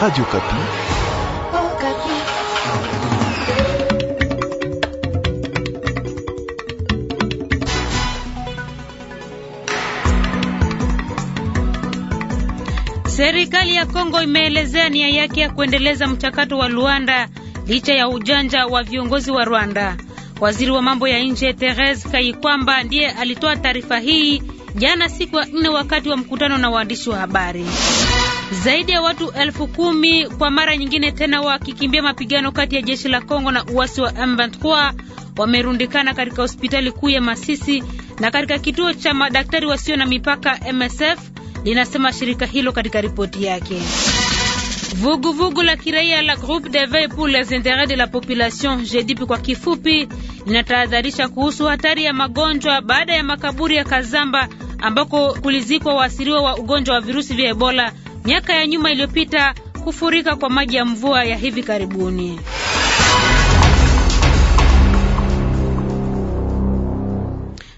Radio Kapi. Oh, Kapi. Serikali ya Kongo imeelezea nia yake ya kuendeleza mchakato wa Luanda licha ya ujanja wa viongozi wa Rwanda. Waziri wa mambo ya nje Therese Kayikwamba ndiye alitoa taarifa hii jana siku ya nne wakati wa mkutano na waandishi wa habari. Zaidi ya watu elfu kumi kwa mara nyingine tena wakikimbia mapigano kati ya jeshi la Kongo na uasi wa M23 wamerundikana katika hospitali kuu ya Masisi na katika kituo cha madaktari wasio na mipaka MSF linasema shirika hilo katika ripoti yake. Vuguvugu vugu la kiraia la Groupe de Veille pour les Intérêts de la Population GDP kwa kifupi linatahadharisha kuhusu hatari ya magonjwa baada ya makaburi ya Kazamba ambako kulizikwa waasiriwa wa ugonjwa wa virusi vya Ebola miaka ya nyuma iliyopita kufurika kwa maji ya mvua ya hivi karibuni.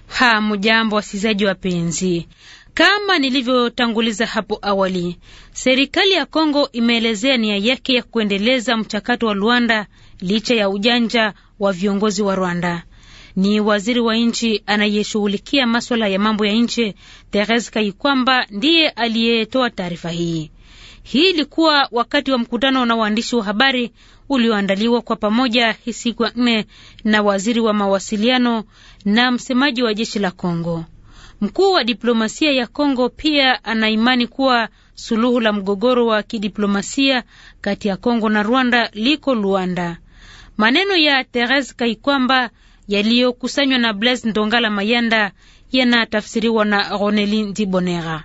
ha mujambo wasikizaji wapenzi. Kama nilivyotanguliza hapo awali, serikali ya Kongo imeelezea nia yake ya kuendeleza mchakato wa Luanda licha ya ujanja wa viongozi wa Rwanda ni waziri wa nchi anayeshughulikia maswala ya mambo ya nje Therese Kaikwamba ndiye aliyetoa taarifa hii. Hii ilikuwa wakati wa mkutano na waandishi wa habari ulioandaliwa kwa pamoja hii siku ya nne na waziri wa mawasiliano na msemaji wa jeshi la Kongo. Mkuu wa diplomasia ya Kongo pia anaimani kuwa suluhu la mgogoro wa kidiplomasia kati ya Kongo na Rwanda liko Luanda. Maneno ya Therese Kaikwamba yaliyokusanywa na Blaise Ndongala Mayanda yanatafsiriwa na Ronelin Dibonera.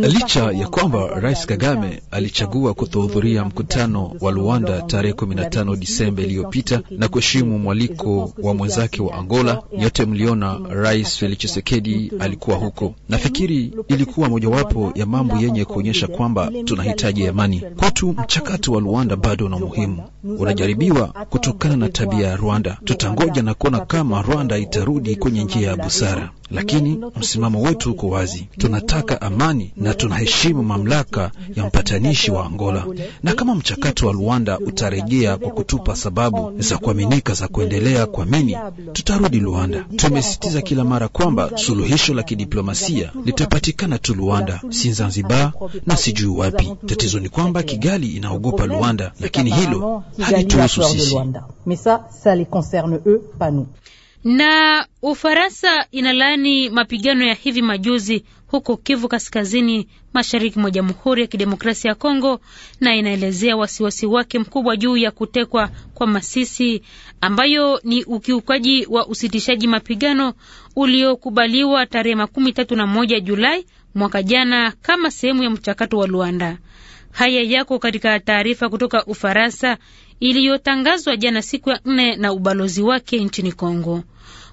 Licha ya kwamba Rais Kagame alichagua kutohudhuria mkutano wa Luanda tarehe 15 Disemba iliyopita na kuheshimu mwaliko wa mwenzake wa Angola, yote mliona Rais Felix Tshisekedi alikuwa huko. Nafikiri ilikuwa mojawapo ya mambo yenye kuonyesha kwamba tunahitaji amani kwetu. Mchakato wa Luanda bado una umuhimu, unajaribiwa kutokana na tabia ya Rwanda. Tutangoja na kuona kama Rwanda itarudi kwenye njia ya busara lakini msimamo wetu uko wazi. Tunataka amani na tunaheshimu mamlaka ya mpatanishi wa Angola, na kama mchakato wa Luanda utarejea kwa kutupa sababu za kuaminika za kuendelea kuamini, tutarudi Luanda. Tumesisitiza kila mara kwamba suluhisho la kidiplomasia litapatikana tu Luanda, si Zanzibar na sijui wapi. Tatizo ni kwamba Kigali inaogopa Luanda, lakini hilo halituhusu sisi. Na Ufaransa inalaani mapigano ya hivi majuzi huko Kivu Kaskazini, mashariki mwa Jamhuri ya Kidemokrasia ya Kongo, na inaelezea wasiwasi wake mkubwa juu ya kutekwa kwa Masisi, ambayo ni ukiukaji wa usitishaji mapigano uliokubaliwa tarehe makumi tatu na moja Julai mwaka jana kama sehemu ya mchakato wa Luanda. Haya yako katika taarifa kutoka Ufaransa iliyotangazwa jana siku ya nne na ubalozi wake nchini Kongo.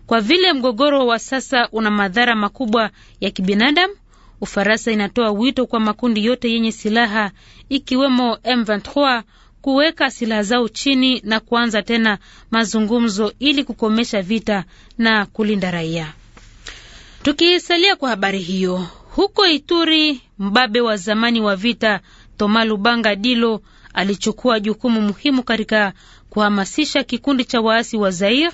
Kwa vile mgogoro wa sasa una madhara makubwa ya kibinadamu, Ufaransa inatoa wito kwa makundi yote yenye silaha ikiwemo M23 kuweka silaha zao chini na kuanza tena mazungumzo ili kukomesha vita na kulinda raia. Tukisalia kwa habari hiyo, huko Ituri, mbabe wa zamani wa vita Toma Lubanga Dilo alichukua jukumu muhimu katika kuhamasisha kikundi cha waasi wa Zair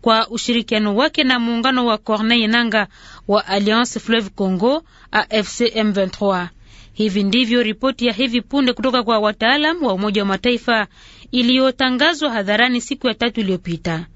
kwa ushirikiano wake na muungano wa Corneille Nanga wa Alliance Fleuve Congo AFC M23. Hivi ndivyo ripoti ya hivi punde kutoka kwa wataalam wa Umoja wa Mataifa iliyotangazwa hadharani siku ya tatu iliyopita.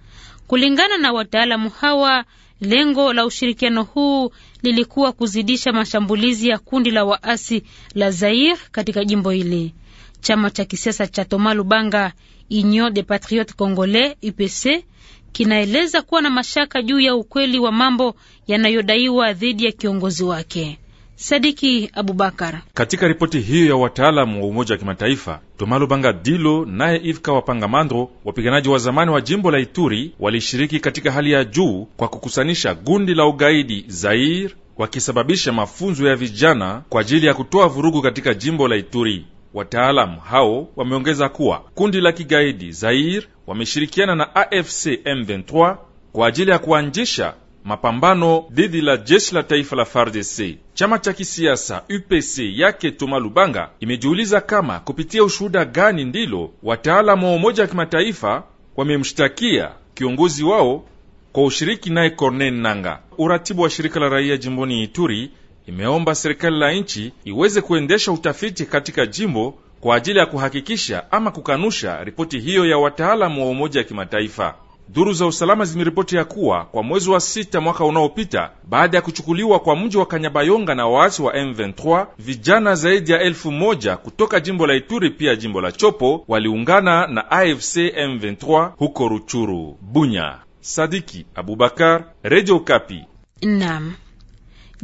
Kulingana na wataalamu hawa, lengo la ushirikiano huu lilikuwa kuzidisha mashambulizi ya kundi la waasi la Zaire katika jimbo hili. Chama cha kisiasa cha Thomas Lubanga Union des Patriotes Congolais UPC kinaeleza kuwa na mashaka juu ya ukweli wa mambo yanayodaiwa dhidi ya kiongozi wake. Sadiki Abubakar. Katika ripoti hiyo ya wataalamu wa Umoja wa Kimataifa, Tomalo Bangadilo naye Ivka Wapangamandro, wapiganaji wa zamani wa jimbo la Ituri walishiriki katika hali ya juu kwa kukusanisha gundi la ugaidi Zair, wakisababisha mafunzo ya vijana kwa ajili ya kutoa vurugu katika jimbo la Ituri. Wataalamu hao wameongeza kuwa kundi la kigaidi Zair wameshirikiana na AFC M23 kwa ajili ya kuanzisha mapambano dhidi la jeshi la taifa la FARDC. Chama cha kisiasa UPC yake Toma Lubanga imejiuliza kama kupitia ushuhuda gani ndilo wataalamu wa Umoja wa Kimataifa wamemshtakia kiongozi wao kwa ushiriki naye Corneille Nanga. Uratibu wa shirika la raia jimboni Ituri imeomba serikali la nchi iweze kuendesha utafiti katika jimbo kwa ajili ya kuhakikisha ama kukanusha ripoti hiyo ya wataalamu wa Umoja ya Kimataifa. Duru za usalama zimeripoti ya kuwa kwa mwezi wa sita mwaka unaopita, baada ya kuchukuliwa kwa mji wa Kanyabayonga na waasi wa M23, vijana zaidi ya elfu moja kutoka jimbo la Ituri pia jimbo la Chopo waliungana na AFC M23 huko Ruchuru. Bunya, Sadiki Abubakar, radio Kapi. Naam.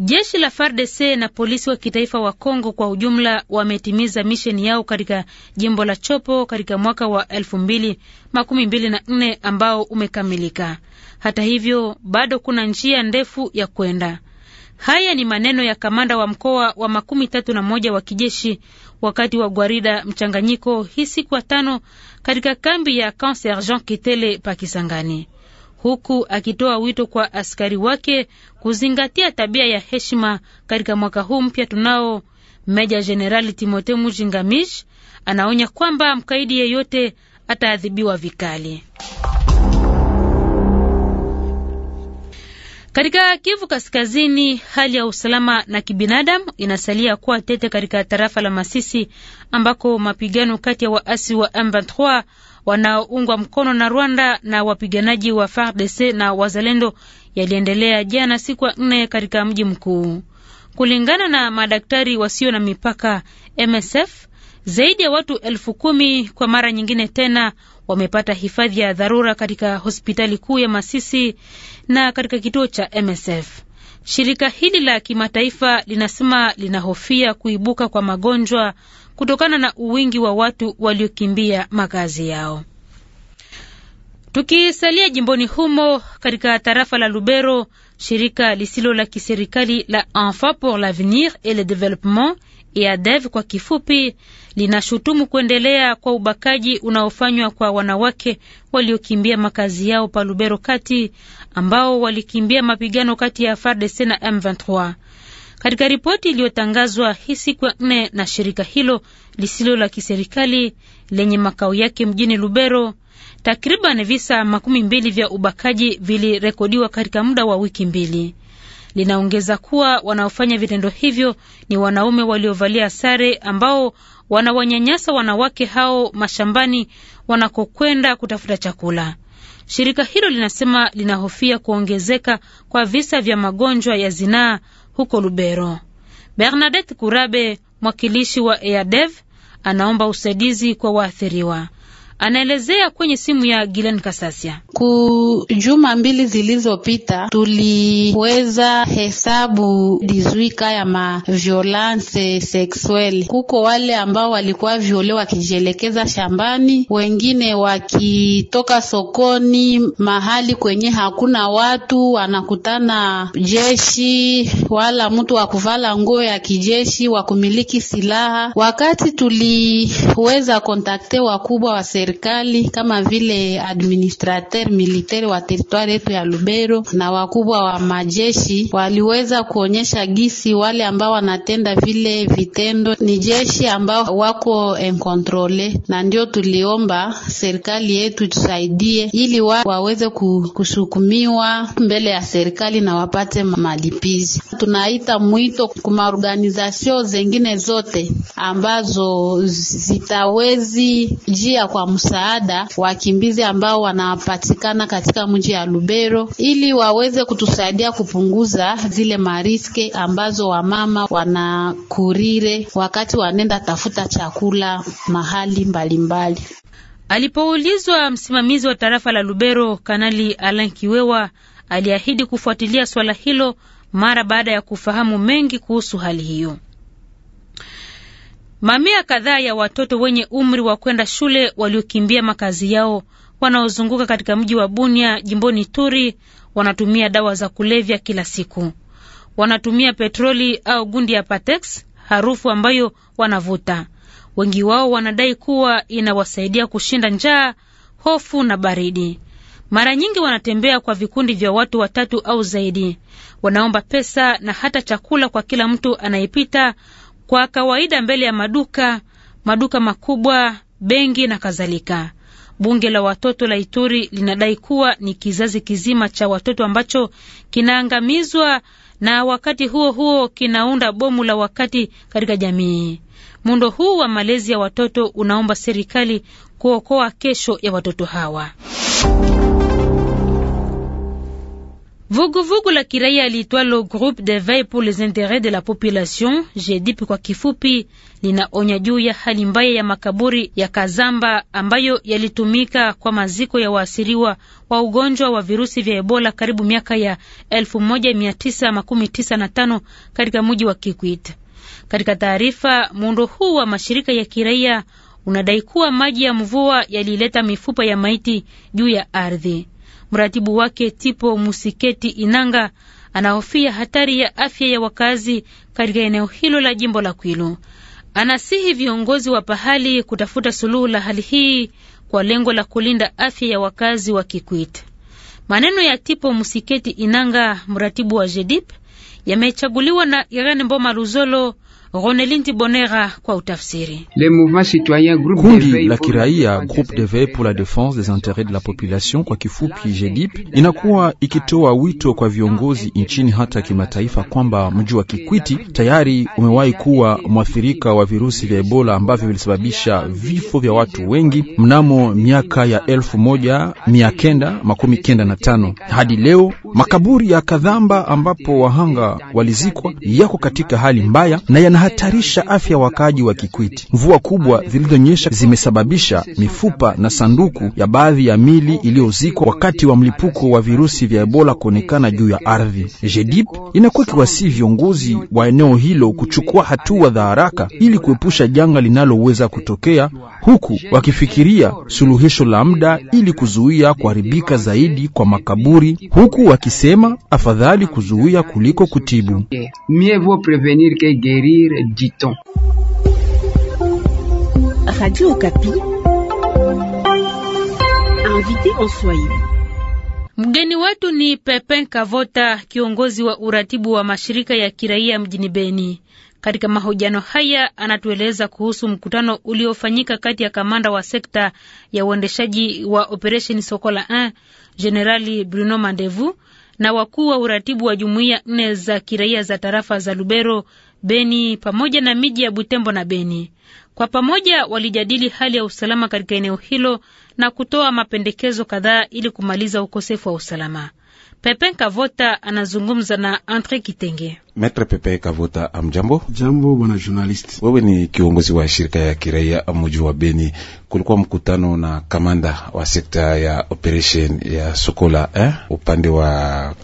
Jeshi la FARDC na polisi wa kitaifa wa Kongo kwa ujumla wametimiza misheni yao katika jimbo la Chopo katika mwaka wa elfu mbili makumi mbili na nne ambao umekamilika. Hata hivyo, bado kuna njia ndefu ya kwenda. Haya ni maneno ya kamanda wa mkoa wa makumi tatu na moja wa kijeshi wakati wa gwarida mchanganyiko hii siku ya tano katika kambi ya Camp Sergent Kitele pa Kisangani huku akitoa wito kwa askari wake kuzingatia tabia ya heshima katika mwaka huu mpya tunao. Meja Jenerali Timote Mujingamish anaonya kwamba mkaidi yeyote ataadhibiwa vikali. Katika Kivu Kaskazini, hali ya usalama na kibinadamu inasalia kuwa tete katika tarafa la Masisi ambako mapigano kati ya waasi wa M23 wanaoungwa mkono na Rwanda na wapiganaji wa FARDC na wazalendo yaliendelea jana siku ya nne katika mji mkuu. Kulingana na madaktari wasio na mipaka MSF, zaidi ya watu elfu kumi kwa mara nyingine tena wamepata hifadhi ya dharura katika hospitali kuu ya Masisi na katika kituo cha MSF. Shirika hili la kimataifa linasema linahofia kuibuka kwa magonjwa kutokana na uwingi wa watu waliokimbia makazi yao. Tukisalia jimboni humo, katika tarafa la Lubero, shirika lisilo la kiserikali la Enfants pour l'avenir et le développement EADEV kwa kifupi, linashutumu kuendelea kwa ubakaji unaofanywa kwa wanawake waliokimbia makazi yao pa Lubero kati ambao walikimbia mapigano kati ya FARDC e na M23. Katika ripoti iliyotangazwa hii siku ya nne na shirika hilo lisilo la kiserikali lenye makao yake mjini Lubero, takriban visa makumi mbili vya ubakaji vilirekodiwa katika muda wa wiki mbili. Linaongeza kuwa wanaofanya vitendo hivyo ni wanaume waliovalia sare ambao wanawanyanyasa wanawake hao mashambani wanakokwenda kutafuta chakula. Shirika hilo linasema linahofia kuongezeka kwa visa vya magonjwa ya zinaa huko Lubero. Bernadette Kurabe, mwakilishi wa EADEV, anaomba usaidizi kwa waathiriwa anaelezea kwenye simu ya Gilen Kasasia. Kujuma mbili zilizopita tuliweza hesabu dizuika ya ma violence sexuelle. Kuko wale ambao walikuwa viole wakijielekeza shambani, wengine wakitoka sokoni, mahali kwenye hakuna watu, wanakutana jeshi wala mtu wa kuvala nguo ya kijeshi wa kumiliki silaha. Wakati tuliweza kontakte wakubwa wa serikali kama vile administrateur militaire wa teritwari yetu ya Lubero na wakubwa wa majeshi waliweza kuonyesha gisi wale ambao wanatenda vile vitendo ni jeshi ambao wako enkontrole, na ndio tuliomba serikali yetu tusaidie ili wa waweze kushukumiwa mbele ya serikali na wapate malipizi. Tunaita mwito kuma organizasio zengine zote ambazo zitawezi jia kwa msaada wakimbizi ambao wanapatikana katika mji ya Lubero ili waweze kutusaidia kupunguza zile mariske ambazo wamama wanakurire wakati wanenda tafuta chakula mahali mbalimbali mbali. Alipoulizwa, msimamizi wa tarafa la Lubero Kanali Alan Kiwewa aliahidi kufuatilia swala hilo mara baada ya kufahamu mengi kuhusu hali hiyo. Mamia kadhaa ya watoto wenye umri wa kwenda shule waliokimbia makazi yao wanaozunguka katika mji wa Bunia jimboni Turi wanatumia dawa za kulevya kila siku. Wanatumia petroli au gundi ya Patex, harufu ambayo wanavuta. Wengi wao wanadai kuwa inawasaidia kushinda njaa, hofu na baridi. Mara nyingi wanatembea kwa vikundi vya watu watatu au zaidi. Wanaomba pesa na hata chakula kwa kila mtu anayepita kwa kawaida mbele ya maduka, maduka makubwa, benki na kadhalika. Bunge la watoto la Ituri linadai kuwa ni kizazi kizima cha watoto ambacho kinaangamizwa na wakati huo huo kinaunda bomu la wakati katika jamii. Muundo huu wa malezi ya watoto unaomba serikali kuokoa kesho ya watoto hawa. Vuguvugu la kiraia liitwalo Groupe de Veille pour les Intérêts de la Population, GEDIP kwa kifupi, linaonya juu ya hali mbaya ya makaburi ya Kazamba ambayo yalitumika kwa maziko ya waasiriwa wa ugonjwa wa virusi vya Ebola karibu miaka ya 1995 katika mji wa Kikwit. Katika taarifa, muundo huu wa mashirika ya kiraia unadai kuwa maji ya mvua yalileta mifupa ya maiti juu ya ardhi. Mratibu wake Tipo Musiketi Inanga anahofia hatari ya afya ya wakazi katika eneo hilo la jimbo la Kwilu. Anasihi viongozi wa pahali kutafuta suluhu la hali hii kwa lengo la kulinda afya ya wakazi wa Kikwit. Maneno ya Tipo Musiketi Inanga, mratibu wa JEDIP, yamechaguliwa na Irene Mboma Luzolo Ronelinti Bonera kwa utafsiri. Kundi la kiraia Groupe de Veille pour la Défense des Intérêts de la Population, kwa kifupi GEDIP, inakuwa ikitoa wito kwa viongozi nchini hata kimataifa kwamba mji wa Kikwiti tayari umewahi kuwa mwathirika wa virusi vya Ebola ambavyo vilisababisha vifo vya watu wengi mnamo miaka ya elfu moja mia kenda makumi kenda na tano hadi leo. Makaburi ya Kadhamba ambapo wahanga walizikwa yako katika hali mbaya na yana zinahatarisha afya ya wakaaji wa Kikwiti. Mvua kubwa zilizonyesha zimesababisha mifupa na sanduku ya baadhi ya mili iliyozikwa wakati wa mlipuko wa virusi vya Ebola kuonekana juu ya ardhi. JEDIP inakuwa kiwasihi viongozi wa eneo hilo kuchukua hatua za haraka ili kuepusha janga linaloweza kutokea, huku wakifikiria suluhisho la muda ili kuzuia kuharibika zaidi kwa makaburi, huku wakisema afadhali kuzuia kuliko kutibu mourir, dit-on. Radio Okapi, invité en Swahili. Mgeni wetu ni pepin Kavota, kiongozi wa uratibu wa mashirika ya kiraia mjini Beni. Katika mahojiano haya anatueleza kuhusu mkutano uliofanyika kati ya kamanda wa sekta ya uendeshaji wa operesheni Sokola 1 Jenerali Bruno Mandevu na wakuu wa uratibu wa jumuiya nne za kiraia za tarafa za Lubero, Beni pamoja na miji ya Butembo na Beni. Kwa pamoja walijadili hali ya usalama katika eneo hilo na kutoa mapendekezo kadhaa ili kumaliza ukosefu wa usalama. Pepe Kavota anazungumza na Andre Kitenge. Maitre Pepe Kavota, amjambo. Jambo bwana journalist. Wewe ni kiongozi wa shirika ya kiraia muji wa Beni. Kulikuwa mkutano na kamanda wa sekta ya operation ya Sokola eh, upande wa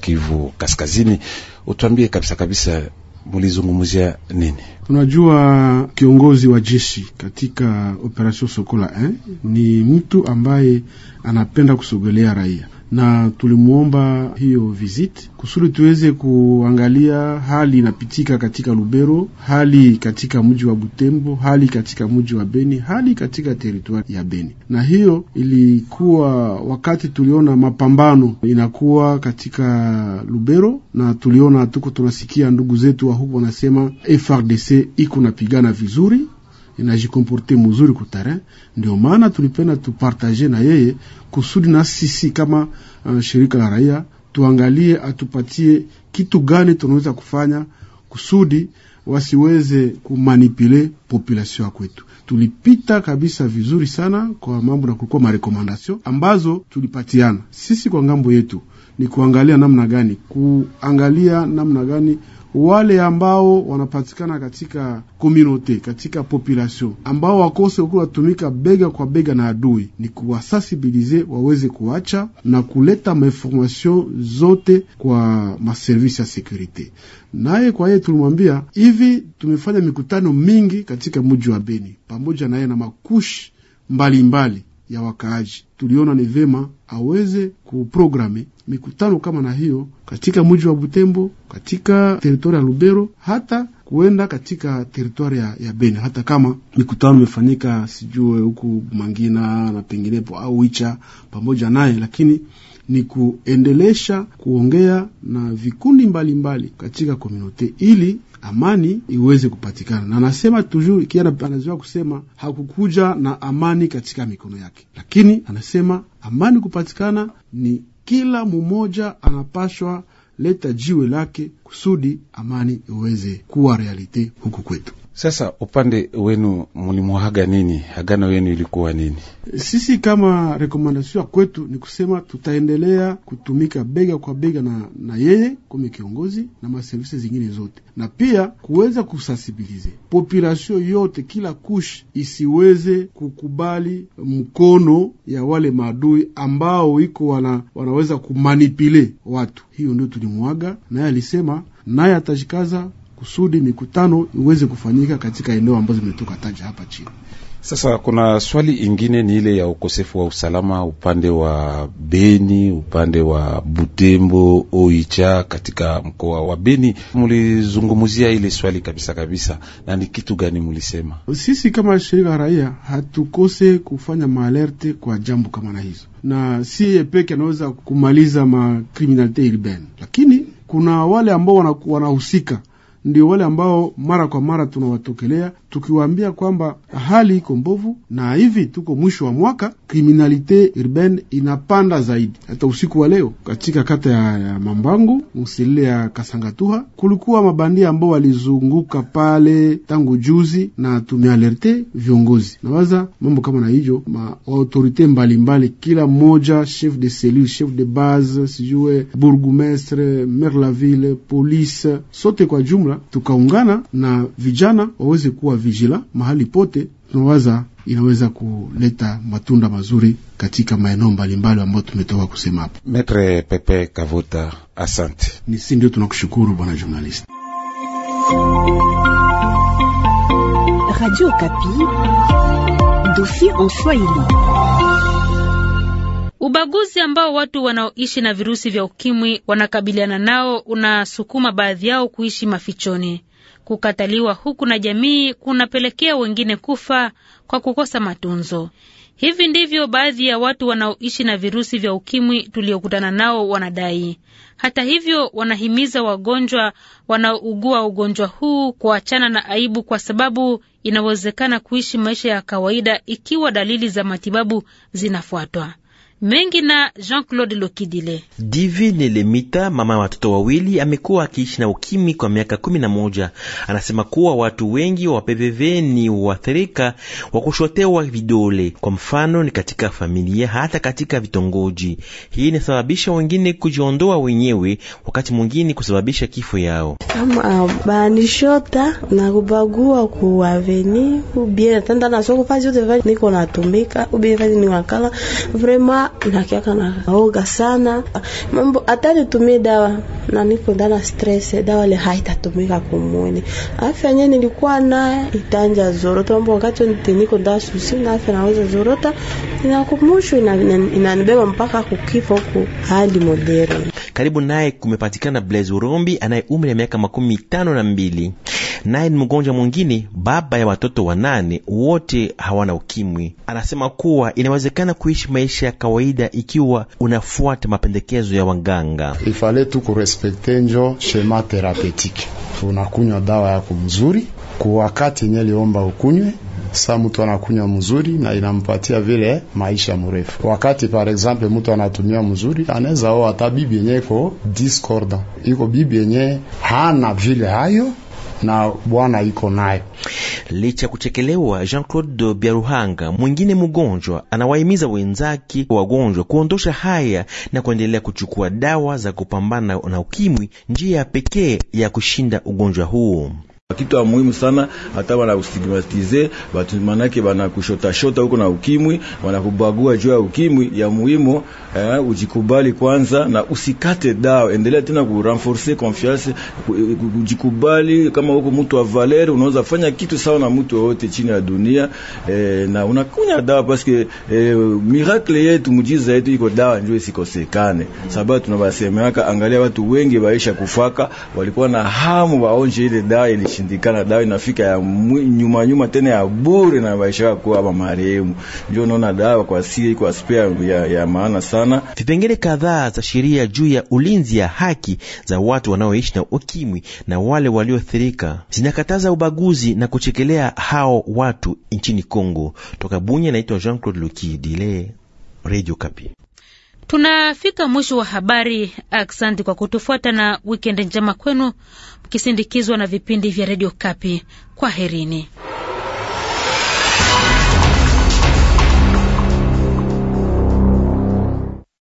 Kivu Kaskazini. Utwambie kabisa kabisa mulizungumzia nini? Unajua, kiongozi wa jeshi katika operation Sokola eh, ni mtu ambaye anapenda kusogelea raia na tulimwomba hiyo viziti kusudi tuweze kuangalia hali inapitika katika Lubero, hali katika mji wa Butembo, hali katika mji wa Beni, hali katika teritwari ya Beni. Na hiyo ilikuwa wakati tuliona mapambano inakuwa katika Lubero, na tuliona tuko tunasikia ndugu zetu wa huku wanasema FRDC iko napigana vizuri inajikomporte mzuri ku terrain. Ndio maana tulipenda tupartaje na yeye kusudi na sisi kama uh, shirika la raia tuangalie atupatie kitu gani tunaweza kufanya kusudi wasiweze kumanipule population ya kwetu. Tulipita kabisa vizuri sana kwa mambo na kulikuwa marekomandasyon ambazo tulipatiana sisi kwa ngambo yetu, ni kuangalia namna gani kuangalia namna gani wale ambao wanapatikana katika komunote, katika population ambao wakose kuku watumika bega kwa bega na adui, ni kuwasasibilize waweze kuacha na kuleta mainformation zote kwa maservisi ya sekurite. Naye kwa yeye tulimwambia hivi, tumefanya mikutano mingi katika muji wa Beni pamoja naye na makushi mbalimbali mbali ya wakaaji. Tuliona ni vema aweze kuprograme mikutano kama na hiyo katika mji wa Butembo, katika teritori ya Lubero, hata kuenda katika teritwari ya, ya Beni, hata kama mikutano imefanyika sijue huku Mangina na penginepo au Icha pamoja naye, lakini ni kuendelesha kuongea na vikundi mbalimbali mbali katika komunote ili amani iweze kupatikana, na anasema tujuu kia anazoea kusema hakukuja na amani katika mikono yake, lakini anasema amani kupatikana ni kila mmoja anapashwa leta jiwe lake kusudi amani iweze kuwa realite huku kwetu. Sasa upande wenu mlimwaga nini? Agano yenu ilikuwa nini? Sisi kama rekomandasio ya kwetu ni kusema tutaendelea kutumika bega kwa bega na, na yeye kume kiongozi na maservisi zingine zote, na pia kuweza kusansibilize populasio yote, kila kush isiweze kukubali mkono ya wale maadui ambao iko wana, wanaweza kumanipile watu. Hiyo ndio tulimwaga naye, alisema naye atajikaza kusudi mikutano iweze kufanyika katika eneo ambazo zimetoka taja hapa chini. Sasa kuna swali ingine ni ile ya ukosefu wa usalama upande wa Beni, upande wa Butembo, Oicha katika mkoa wa Beni. Mulizungumzia ile swali kabisa kabisa, na ni kitu gani mulisema? Sisi kama shirika la raia hatukose kufanya maalerte kwa jambo kama na hizo, na si peke anaweza kumaliza makriminalite ilibeni, lakini kuna wale ambao wanahusika wana ndio wale ambao mara kwa mara tunawatokelea tukiwaambia kwamba hali iko mbovu, na hivi tuko mwisho wa mwaka, kriminalite urbaine inapanda zaidi. Hata usiku wa leo katika kata ya Mambangu msilile ya Kasangatuha kulikuwa mabandia ambao walizunguka pale tangu juzi, na tumealerte viongozi nawaza mambo kama na hivyo, ma autorite mbalimbali, kila mmoja chef de cellule, chef de base, sijue burgumestre, maire la ville, police, sote kwa jumla sana, tukaungana na vijana waweze kuwa vigila mahali pote, tunawaza inaweza kuleta matunda mazuri katika maeneo mbalimbali ambayo tumetoka kusema hapo. Metre Pepe Kavuta, asante. Ni si ndio, tunakushukuru bwana journalist. Radio Kapi, dofi en Swahili. Ubaguzi ambao watu wanaoishi na virusi vya ukimwi wanakabiliana nao unasukuma baadhi yao kuishi mafichoni. Kukataliwa huku na jamii kunapelekea wengine kufa kwa kukosa matunzo. Hivi ndivyo baadhi ya watu wanaoishi na virusi vya ukimwi tuliokutana nao wanadai. Hata hivyo, wanahimiza wagonjwa wanaougua ugonjwa huu kuachana na aibu, kwa sababu inawezekana kuishi maisha ya kawaida ikiwa dalili za matibabu zinafuatwa mengi na Jean-Claude Lokidile. Divine Lemita, mama ya watoto wawili, amekuwa akiishi na ukimi kwa miaka kumi na moja. Anasema kuwa watu wengi wa PVV ni waathirika wa kushotewa vidole, kwa mfano ni katika familia, hata katika vitongoji. Hii inasababisha wengine kujiondoa wenyewe, wakati mwingine kusababisha kifo yao. Kama banishota na kubagua kuwaveni na soko fazi yote niko natumika fazi ni wakala vrema nakiaka oga sana, mambo hata nitumie dawa na niko ndana stress, dawa ile haitatumika kumwili. Afya yenyewe nilikuwa naye itanja zorota, mambo wakati niko ndana susi na afya naweza zorota, inakumushwa inanibeba mpaka kukifo huko hadi modere Karibu naye kumepatikana Blaise Urombi anaye umri ya miaka makumi tano na mbili naye ni mgonjwa mwingine, baba ya watoto wanane, wote hawana ukimwi. Anasema kuwa inawezekana kuishi maisha ya kawaida ikiwa unafuata mapendekezo ya waganga. Ifale tu kurespekte njo shema terapeutike, unakunywa dawa yako mzuri kwa wakati yenye liomba ukunywe Saa mtu anakunywa mzuri na inampatia vile maisha mrefu. Wakati par exemple mtu anatumia mzuri, anaweza oa hata bibi yenye iko discorda, iko bibi yenye hana vile hayo na Bwana iko nayo. Licha kuchekelewa, Jean Claude Biaruhanga mwingine mgonjwa anawahimiza wenzake wagonjwa kuondosha haya na kuendelea kuchukua dawa za kupambana na ukimwi, njia ya pekee ya kushinda ugonjwa huo kitu muhimu sana, hata wana wanakustigmatize batu, manake kushota shota huko na ukimwi, wana kubagua juu ya ukimwi. Ya muhimu eh, ujikubali kwanza na usikate dawa, endelea tena ku kurenforce confiance, ujikubali. Kama huko mtu wa Valeri, unaweza fanya kitu sawa na mtu wote chini ya dunia eh, na unakunya dawa parce que eh, miracle yetu, mujiza yetu iko dawa, njoo isikosekane, sababu tunabasemeka, angalia watu wengi waisha kufaka, walikuwa na hamu waonje ile dawa ile inashindikana, dawa inafika ya nyuma nyuma tena ya bure na maisha yako ba marehemu. Ndio naona dawa kwa si kwa spare ya, ya maana sana. Vipengele kadhaa za sheria juu ya ulinzi ya haki za watu wanaoishi na ukimwi na wale walioathirika zinakataza ubaguzi na kuchekelea hao watu nchini Kongo. Toka Bunye, naitwa Jean Claude Luki Radio Kapi. Tunafika mwisho wa habari. Aksanti kwa kutufuata na wikendi njema kwenu, mkisindikizwa na vipindi vya redio Kapi. Kwaherini.